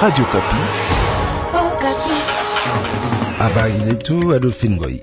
Radio Kapi. Oh, Kapi. Habari zetu Adolphine Goy.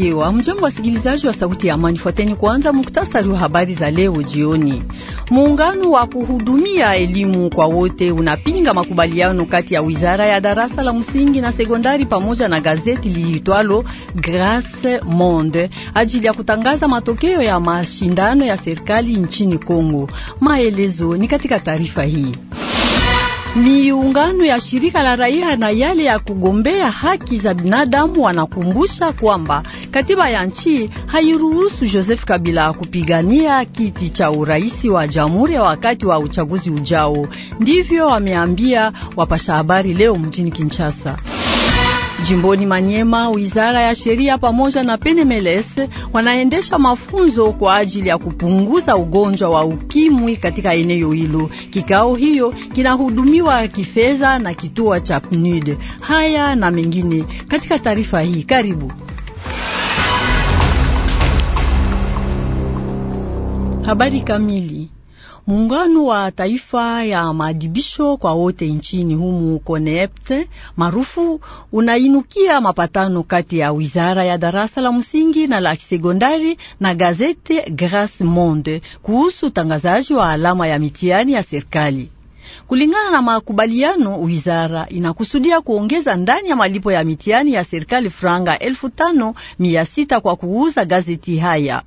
Mkiwa mjambo, wasikilizaji wa Sauti ya Amani, fuateni kwanza muktasari wa habari za leo jioni. Muungano wa kuhudumia elimu kwa wote unapinga makubaliano kati ya wizara ya darasa la msingi na sekondari pamoja na gazeti liitwalo Grace Monde ajili ya kutangaza matokeo ya mashindano ya serikali nchini Kongo. Maelezo ni katika taarifa hii. Miungano ya shirika la raia na yale ya kugombea haki za binadamu wanakumbusha kwamba katiba ya nchi hairuhusu Joseph Kabila kupigania kiti cha uraisi wa jamhuri wakati wa uchaguzi ujao. Ndivyo wameambia wapasha habari leo mjini Kinshasa. Jimboni Manyema, wizara ya sheria pamoja na PNMLS wanaendesha mafunzo kwa ajili ya kupunguza ugonjwa wa ukimwi katika eneo hilo. Kikao hiyo kinahudumiwa kifedha na kituo cha PNUD. Haya na mengine katika taarifa hii, karibu. Habari kamili Muungano wa taifa ya maadibisho kwa wote nchini humu Konepte maarufu unainukia mapatano kati ya wizara ya darasa la msingi na la kisegondari na gazete Grace Monde kuhusu utangazaji wa alama ya mitihani ya serikali. Kulingana na makubaliano, wizara inakusudia kuongeza ndani ya malipo ya mitihani ya serikali franga elfu tano mia sita kwa kuuza gazeti haya.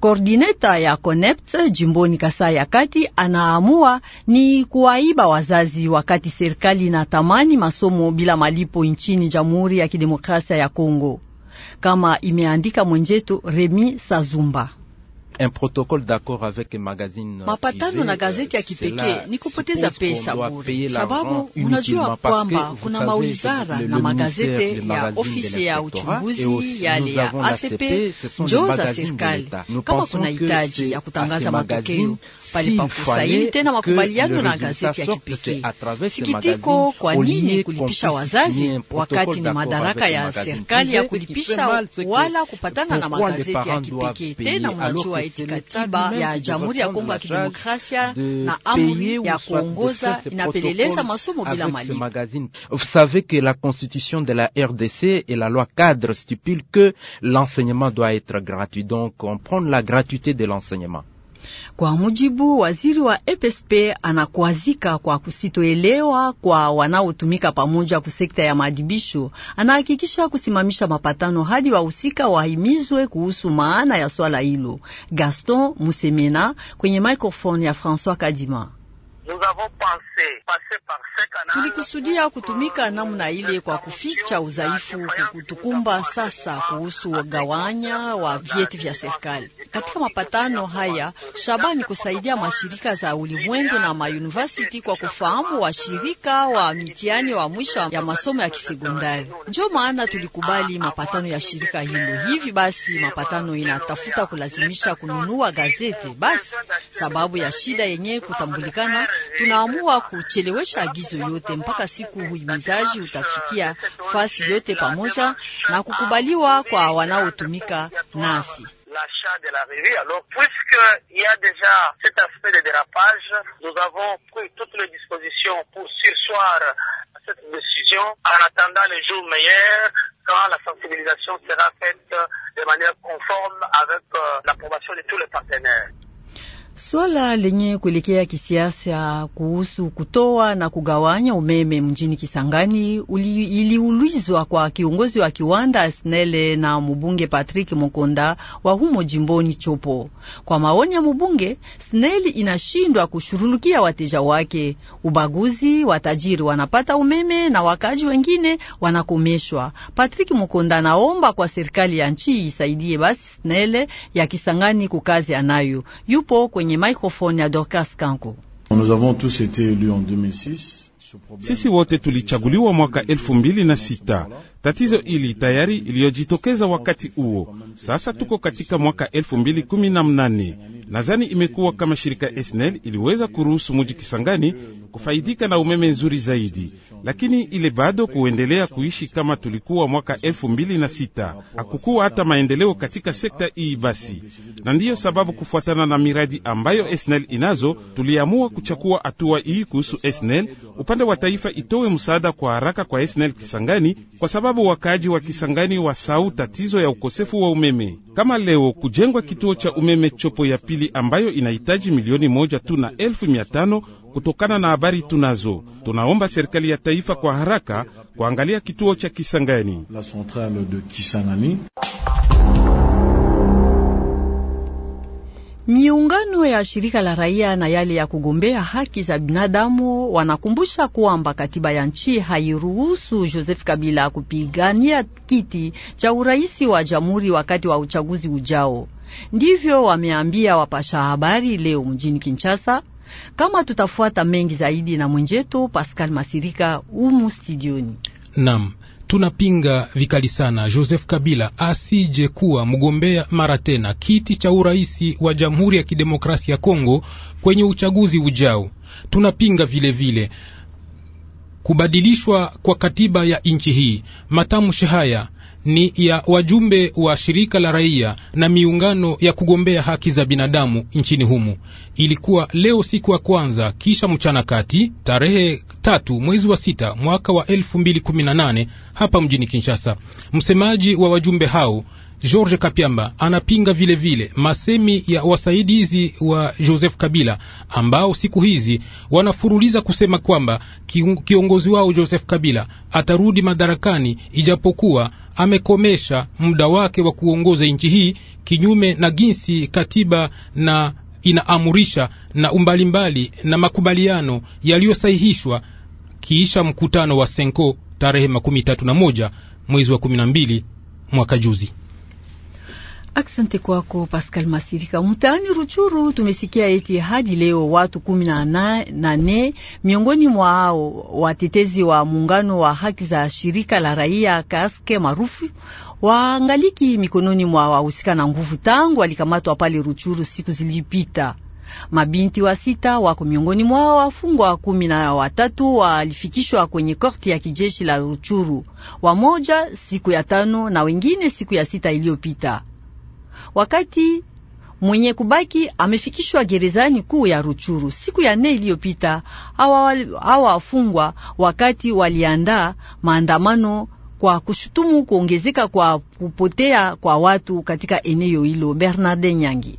Koordineta ya Connect jimboni Kasai ya Kati anaamua ni kuwaiba wazazi wakati serikali inatamani masomo bila malipo nchini Jamhuri ya Kidemokrasia ya Kongo, kama imeandika mwenjetu Remi Sazumba mapatano na gazeti ya kipekee ni kupoteza pesa bure, sababu unajua kwamba kuna mawizara na magazete ya ofisi ya uchunguzi yale ya ACP njo za serikali. Kama kuna hitaji ya kutangaza matokeo pale pa kusaini tena makubaliano na gazeti ya kipekee. Sikitiko, kwa nini kulipisha wazazi wakati ni madaraka ya serikali ya kulipisha wala kupatana na magazeti ya kipekee? Tena unajua Vous savez que la constitution de la RDC et la loi cadre stipulent que l'enseignement doit être gratuit. Donc on prend la gratuité de l'enseignement. Kwa mujibu waziri wa EPSP, anakuazika kwa kusitoelewa kwa wanaotumika pamoja kusekta ya maadibisho. Anahakikisha kusimamisha mapatano hadi wahusika wahimizwe kuhusu maana ya swala hilo. Gaston Musemena kwenye microphone ya François Kadima. Tulikusudia kutumika namna ile kwa kuficha udhaifu kutukumba sasa kuhusu wagawanya wa vyeti vya serikali. Katika mapatano haya, shabani kusaidia mashirika za ulimwengu na mayunivasiti kwa kufahamu washirika wa mitihani wa mwisho ya masomo ya kisekondari. Ndio maana tulikubali mapatano ya shirika hilo. Hivi basi, mapatano inatafuta kulazimisha kununua gazeti. Basi sababu ya shida yenyewe kutambulikana, tunaamua kuchelewesha l'achat de la rivière, Alors, puisqu'il y a déjà cet aspect de dérapage, nous avons pris toutes les dispositions pour sursoir cette décision en attendant les jours meilleurs quand la sensibilisation sera faite de manière conforme avec euh, l'approbation de tous les partenaires. Swala lenye kuelekea kisiasa kuhusu kutoa na kugawanya umeme mjini Kisangani iliulizwa kwa kiongozi wa kiwanda Asnele na mubunge Patrick Mokonda wa humo jimboni Chopo. Kwa maoni ya mubunge, SNEL inashindwa kushurulukia wateja wake, ubaguzi, watajiri wanapata umeme na wakaji wengine wanakomeshwa. Patrick Mokonda naomba kwa serikali ya nchi isaidie basi Snele ya Kisangani kukazi anayo yupo kwenye kwenye maikrofoni ya Dorcas Nous avons tous été élus en 2006. Sisi wote tulichaguliwa mwaka elfu mbili na sita. Tatizo ili tayari iliyojitokeza wakati huo. Sasa tuko katika mwaka elfu mbili Nadhani imekuwa kama shirika Esnel iliweza kuruhusu muji Kisangani kufaidika na umeme nzuri zaidi, lakini ile bado kuendelea kuishi kama tulikuwa mwaka elfu mbili na sita. Hakukuwa hata maendeleo katika sekta hii basi, na ndiyo sababu kufuatana na miradi ambayo snel inazo tuliamua kuchukua hatua hii kuhusu snel Upande wa taifa itowe msaada kwa haraka kwa snl Kisangani kwa sababu sababu wakaaji wa Kisangani sau tatizo ya ukosefu wa umeme. Kama leo kujengwa kituo cha umeme Chopo ya pili ambayo inahitaji milioni moja tu na elfu mia tano kutokana na habari tunazo, tunaomba serikali ya taifa kwa haraka kuangalia kituo cha Kisangani. La centrale de Kisangani. Miungano ya shirika la raia na yale ya kugombea haki za binadamu wanakumbusha kwamba katiba ya nchi hairuhusu Joseph Kabila kupigania kiti cha urais wa jamhuri wakati wa uchaguzi ujao. Ndivyo wameambia wapasha habari leo mjini Kinshasa. Kama tutafuata mengi zaidi na mwenjetu Pascal Masirika umu studioni. Naam tunapinga vikali sana Joseph Kabila asije kuwa mgombea mara tena kiti cha uraisi wa Jamhuri ya Kidemokrasia ya Kongo kwenye uchaguzi ujao. Tunapinga vilevile vile kubadilishwa kwa katiba ya nchi hii. Matamshi haya ni ya wajumbe wa shirika la raia na miungano ya kugombea haki za binadamu nchini humo. Ilikuwa leo siku ya kwanza kisha mchana kati tarehe tatu mwezi wa sita mwaka wa nane hapa mjini Kinshasa. Msemaji wa wajumbe hao George Kapiamba anapinga vilevile vile masemi ya wasaidizi wa Joseph Kabila ambao siku hizi wanafuruliza kusema kwamba kiongozi wao Joseph Kabila atarudi madarakani ijapokuwa amekomesha muda wake wa kuongoza nchi hii kinyume na jinsi katiba na inaamurisha na umbalimbali na makubaliano yaliyosahihishwa kiisha mkutano wa Senko tarehe makumi tatu na moja mwezi wa kumi na mbili mwaka juzi. Aksante kwako Pascal Masirika. Mtaani Ruchuru tumesikia eti hadi leo watu kumi na nane miongoni mwa watetezi wa muungano wa haki za shirika la raia Kaske maarufu waangaliki mikononi mwa wahusika na nguvu tangu walikamatwa pale Ruchuru siku zilipita. Mabinti wa sita wako miongoni mwao. Wafungwa kumi na watatu walifikishwa kwenye korti ya kijeshi la Ruchuru, wamoja siku ya tano na wengine siku ya sita iliyopita wakati mwenye kubaki amefikishwa gerezani kuu ya Ruchuru siku ya nne iliyopita. Hawa wafungwa wakati waliandaa maandamano kwa kushutumu kuongezeka kwa kupotea kwa watu katika eneo hilo. Bernarde Nyangi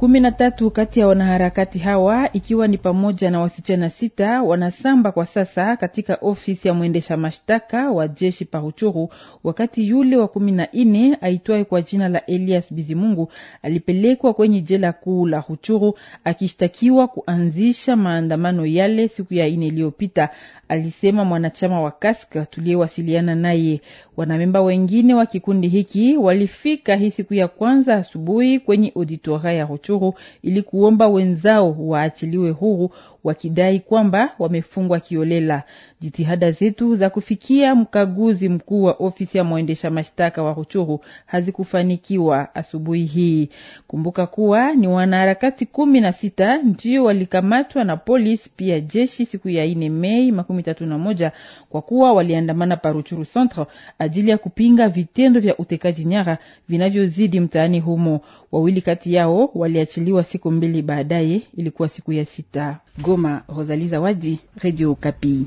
kumi na tatu kati ya wanaharakati hawa ikiwa ni pamoja na wasichana sita wanasamba kwa sasa katika ofisi ya mwendesha mashtaka wa jeshi Paruchuru, wakati yule wa kumi na nne aitwaye kwa jina la Elias Bizimungu alipelekwa kwenye jela kuu la Ruchuru akishtakiwa kuanzisha maandamano yale siku ya ine iliyopita, alisema mwanachama wa kask tuliyewasiliana naye. Wanamemba wengine wa kikundi hiki walifika hii siku ya kwanza asubuhi kwenye auditoria ya Huchuru. Ruchuru ili kuomba wenzao waachiliwe huru wakidai kwamba wamefungwa kiolela. Jitihada zetu za kufikia mkaguzi mkuu wa ofisi ya mwendesha mashtaka wa Ruchuru hazikufanikiwa asubuhi hii. Kumbuka kuwa ni wanaharakati kumi na sita ndio walikamatwa na polisi pia jeshi siku ya ine Mei makumi tatu na moja kwa kuwa waliandamana paruchuru centre ajili ya kupinga vitendo vya utekaji nyara vinavyozidi mtaani humo. Wawili kati yao waliachiliwa siku mbili baadaye, ilikuwa siku ya sita. Goma, Rosali Zawadi, Radio Kapi.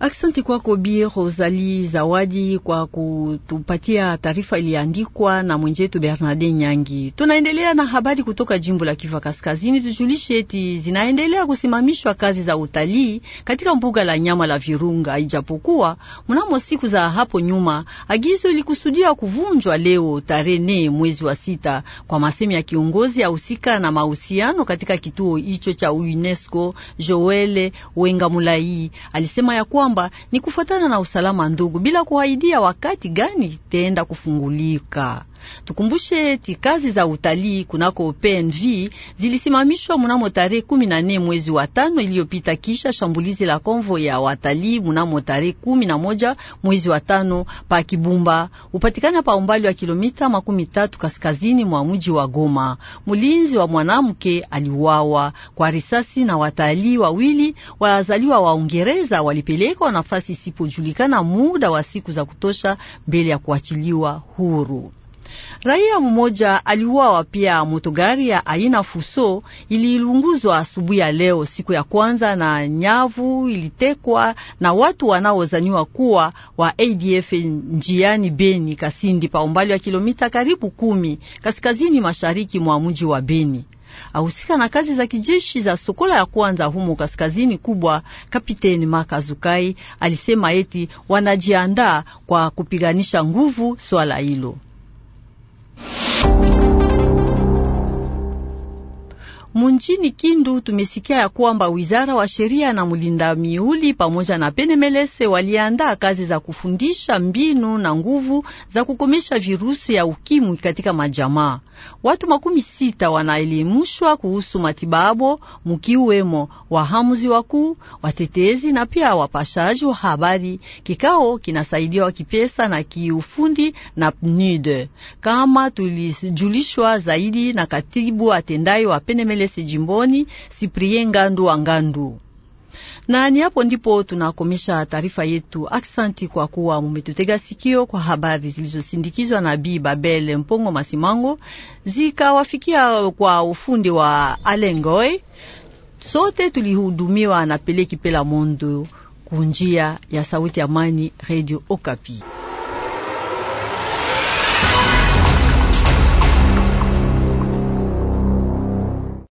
Aksanti kwako Bi Rosali Zawadi kwa kutupatia taarifa iliandikwa na mwenzetu Bernarde Nyangi. Tunaendelea na habari kutoka jimbo la Kivu Kaskazini. Tujulishe eti zinaendelea kusimamishwa kazi za utalii katika mbuga la nyama la Virunga, ijapokuwa mnamo siku za hapo nyuma agizo ilikusudia kuvunjwa leo tarehe nne mwezi wa sita kwa masemi ya kiongozi usika na mahusiano katika kituo hicho cha UNESCO Joele Wengamulai alisema ya kwamba ni kufuatana na usalama ndugu, bila kuahidia wakati gani itaenda kufungulika. Tukumbushe eti kazi za utalii kunako PNV zilisimamishwa mnamo tarehe 14 mwezi wa tano iliyopita kisha shambulizi la konvo ya watalii mnamo tarehe 11 mwezi wa tano pa Kibumba upatikana pa umbali wa kilomita makumi tatu kaskazini mwa mji wa Goma. Mlinzi wa mwanamke aliuawa kwa risasi na watalii wawili wazaliwa wa Uingereza walipelekwa nafasi isipojulikana muda wa siku za kutosha mbele ya kuachiliwa huru. Raia mmoja aliuawa pia. moto gari ya aina Fuso iliilunguzwa asubuhi ya leo, siku ya kwanza, na nyavu ilitekwa na watu wanaozaniwa kuwa wa ADF njiani Beni Kasindi, pa umbali wa kilomita karibu kumi kaskazini mashariki mwa mji wa Beni ahusika na kazi za kijeshi za Sokola ya kwanza humo kaskazini kubwa. Kapiteni Maka Zukai alisema eti wanajiandaa kwa kupiganisha nguvu swala hilo. Munjini Kindu tumesikia ya kwamba wizara wa sheria na mulinda miuli pamoja na Penemelese waliandaa kazi za kufundisha mbinu na nguvu za kukomesha virusi ya ukimwi katika majamaa. Watu makumi sita wanaelimishwa kuhusu matibabu, mukiwemo wahamuzi wakuu, watetezi na pia wapashaji wa habari. Kikao kinasaidiwa kipesa na kiufundi na PNUD, kama tulijulishwa zaidi na katibu atendayo wa Penemelesi jimboni Siprien Ngandu wa Ngandu na ni hapo ndipo tunakomesha taarifa yetu. Aksanti kwa kuwa mumetutega sikio kwa habari zilizosindikizwa na Bi babel Mpongo Masimango, zikawafikia kwa ufundi wa Alengoi. Sote tulihudumiwa na Peleki Pela Mondo kunjia ya Sauti ya Amani, Radio Okapi.